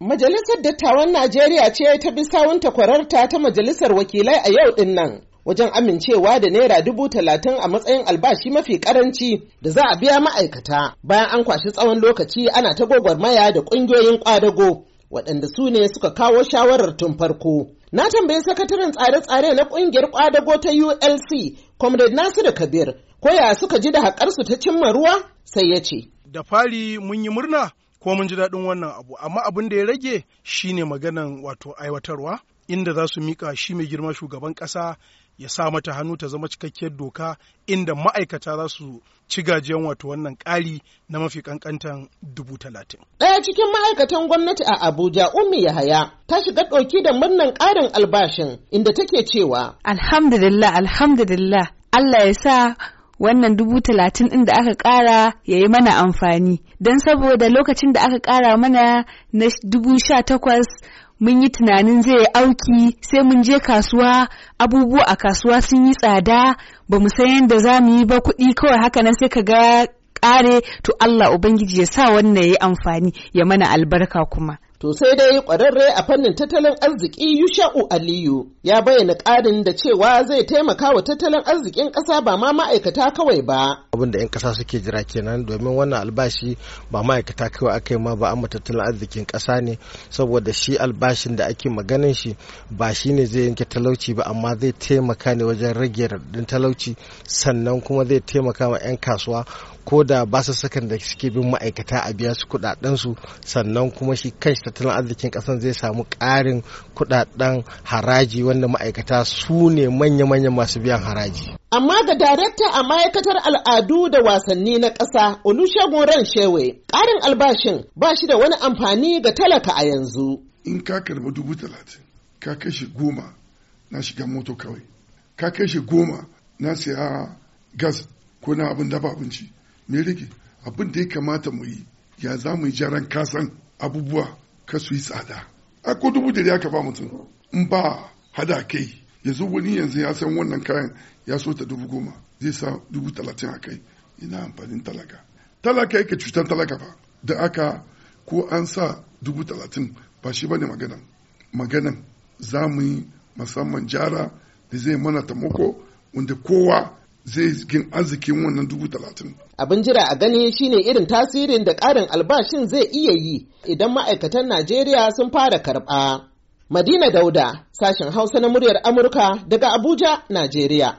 Majalisar Dattawan Najeriya ce ta bi sawun takwararta ta Majalisar Wakilai a yau din nan wajen amincewa da Naira dubu talatin a matsayin albashi mafi karanci da za a biya ma'aikata bayan an kwashi tsawon lokaci ana ta gwagwarmaya da ƙungiyoyin ƙwadago waɗanda su ne suka kawo shawarar tun farko. Na tambayi sakataren tsare-tsare na ƙungiyar ƙwadago ta ULC, Comrade Nasiru Kabir, ko ya suka ji da haƙarsu ta cimma ruwa? Sai ya ce. Da fari mun yi murna ko mun ji daɗin wannan abu amma abin da ya rage shine maganan wato aiwatarwa inda za su mika shi mai girma shugaban ƙasa ya sa mata hannu ta zama cikakkiyar doka inda ma'aikata za su ci gajiyan wato wannan ƙari na mafi ƙanƙantan dubu talatin. Ɗaya cikin ma'aikatan gwamnati a Abuja Ummi Yahaya ta shiga ɗauki da murnan ƙarin albashin inda take cewa. Alhamdulillah, alhamdulillah, Allah ya sa wannan dubu talatin ɗin da aka ƙara ya yi mana amfani don saboda lokacin da aka ƙara mana na dubu sha takwas mun yi tunanin zai auki sai mun je kasuwa abubuwa a kasuwa sun yi tsada ba mu san yadda za mu yi ba kuɗi kawai haka nan sai ka ga ƙare to Allah Ubangiji ya sa wannan ya yi amfani ya mana albarka kuma. To sai dai kwararre a fannin tattalin arziki Yusha'u Aliyu ya bayyana ƙarin da cewa zai taimaka wa tattalin arzikin ƙasa ba ma ma'aikata kawai ba. Abin da 'yan ƙasa suke jira kenan domin wannan albashi ba ma'aikata kawai aka yi ma ba amma tattalin arzikin ƙasa ne saboda shi albashin da ake maganin shi ba shi ne zai yanke talauci ba amma zai taimaka ne wajen rage raɗin talauci sannan kuma zai taimaka ma 'yan kasuwa ko da ba su sakan da suke bin ma'aikata a biya su kuɗaɗensu sannan kuma shi kai tattalin arzikin kasan zai samu ƙarin kudaden haraji wanda ma'aikata su ne manya-manya masu biyan haraji. Amma ga darakta a ma'aikatar al'adu da wasanni na ƙasa Olusegun Ranshewe, ƙarin albashin ba shi da wani amfani ga talaka a yanzu. In ka karba dubu talatin, ka kashe goma na shiga moto kawai, ka kashe goma na siya gas ko na abin dafa abinci, me rike abin da ya kamata mu yi ya za mu yi jaran kasan abubuwa ka su yi tsada a ko dubu da ya ka ba mutum in ba hada kai yanzu wani yanzu ya san wannan kayan ya so ta dubu goma zai sa dubu talatin a kai ina amfanin talaka talaka yake cutar talaka ba da aka ko an sa dubu talatin ba shi ba ne maganan maganan za mu yi musamman jara da zai mana tamako wanda kowa zai gin arzikin wannan dubu talatin. Abin jira a gani shine irin tasirin da ƙarin albashin zai iya yi idan ma'aikatan Najeriya sun fara karɓa. Madina Dauda, sashen Hausa na muryar Amurka daga Abuja, Najeriya.